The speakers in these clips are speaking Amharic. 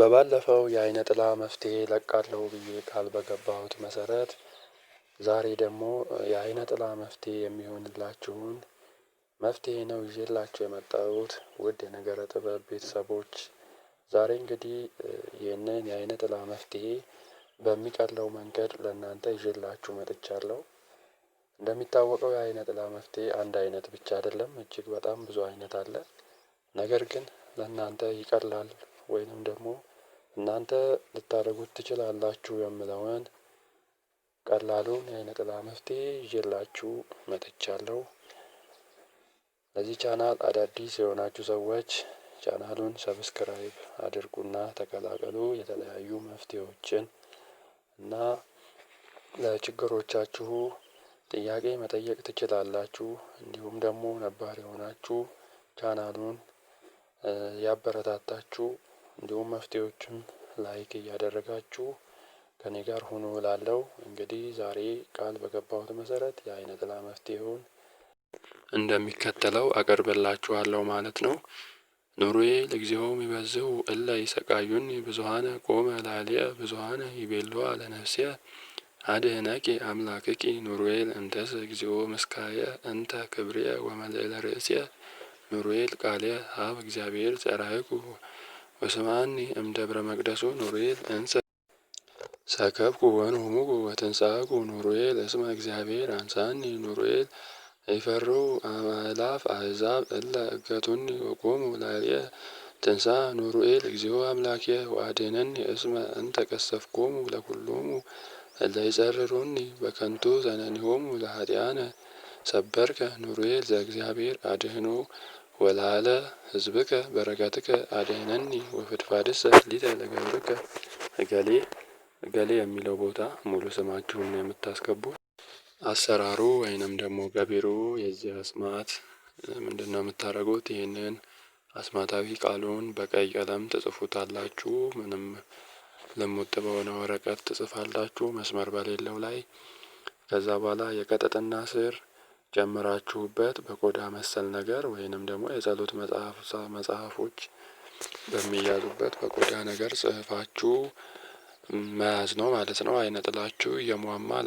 በባለፈው የአይነ ጥላ መፍትሄ እለቃለሁ ብዬ ቃል በገባሁት መሰረት ዛሬ ደግሞ የአይነ ጥላ መፍትሄ የሚሆንላችሁን መፍትሄ ነው ይዤላችሁ የመጣሁት ውድ የነገረ ጥበብ ቤተሰቦች። ዛሬ እንግዲህ ይህንን የአይነ ጥላ መፍትሄ በሚቀለው መንገድ ለእናንተ ይዤላችሁ መጥቻለሁ። እንደሚታወቀው የአይነ ጥላ መፍትሄ አንድ አይነት ብቻ አይደለም፣ እጅግ በጣም ብዙ አይነት አለ። ነገር ግን ለእናንተ ይቀላል ወይንም ደግሞ እናንተ ልታደርጉት ትችላላችሁ የምለውን ቀላሉን የነጠላ መፍትሄ ይዤላችሁ መጥቻለሁ። ለዚህ ቻናል አዳዲስ የሆናችሁ ሰዎች ቻናሉን ሰብስክራይብ አድርጉና ተቀላቀሉ። የተለያዩ መፍትሄዎችን እና ለችግሮቻችሁ ጥያቄ መጠየቅ ትችላላችሁ። እንዲሁም ደግሞ ነባር የሆናችሁ ቻናሉን ያበረታታችሁ እንዲሁም መፍትሄዎችም ላይክ እያደረጋችሁ ከኔ ጋር ሁኑ እላለሁ። እንግዲህ ዛሬ ቃል በገባሁት መሰረት የአይነ ጥላ መፍትሄውን እንደሚከተለው አቀርብላችኋለሁ ማለት ነው። ኑሩዬ ለጊዜውም ይበዝሁ እለ ይሰቃዩኒ ብዙሃነ ቆመ ላልየ ብዙሃነ ይቤሏ ለነፍስየ አድህነቂ አምላክቂ ኑሩኤል ለእንተስ እግዚኦ ምስካየ እንተ ክብርየ ወመልዕለ ርእስየ ኑሩዬ ቃልየ ሀብ እግዚአብሔር ጸራይኩ ወስምዓኒ እምደብረ መቅደሱ ኑሩዬል እንሰ ሰከብኩ ወንሁሙኩ ወትንሳኩ ኑሩዬል እስመ እግዚአብሔር አንሳኒ ኑሩዬል ይፈሩ አእላፍ አሕዛብ እለ እገቱኒ ወቁሙ ላዕልየ ትንሣ ኑሩኤል እግዚኦ አምላክየ ወአድኅነኒ እስመ እንተ ቀሰፍኩሙ ለኵሎሙ እለ ይጸርሩኒ በከንቱ ዘነኒሆሙ ለኀጢአነ ሰበርከ ኑሩኤል ዘእግዚአብሔር አድኅኖ ወላለ ህዝብከ በረከትከ አድኅነኒ ወፍድፋድሰ ሊተ ለገብርከ እገሌ እገሌ የሚለው ቦታ ሙሉ ስማችሁን ነው አሰራሩ ወይንም ደግሞ ገቢሩ የዚህ አስማት ምንድን ነው የምታደርጉት? ይህንን አስማታዊ ቃሉን በቀይ ቀለም ትጽፉታላችሁ። ምንም ልሙጥ በሆነ ወረቀት ትጽፋላችሁ መስመር በሌለው ላይ። ከዛ በኋላ የቀጠጥና ስር ጀምራችሁበት በቆዳ መሰል ነገር ወይንም ደግሞ የጸሎት መጽሐፎች በሚያዙበት በቆዳ ነገር ጽህፋችሁ መያዝ ነው ማለት ነው። አይነ ጥላችሁ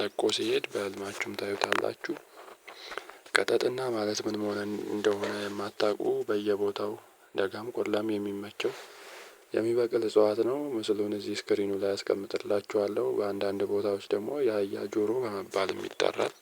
ለቆ ሲሄድ በህልማችሁም ታዩታላችሁ። ቀጠጥና ማለት ምን መሆን እንደሆነ የማታውቁ በየቦታው ደጋም ቆላም የሚመቸው የሚበቅል እጽዋት ነው። ምስሉን እዚህ ስክሪኑ ላይ ያስቀምጥላችኋለሁ። በአንዳንድ ቦታዎች ደግሞ የአህያ ጆሮ በመባልም ይጠራል።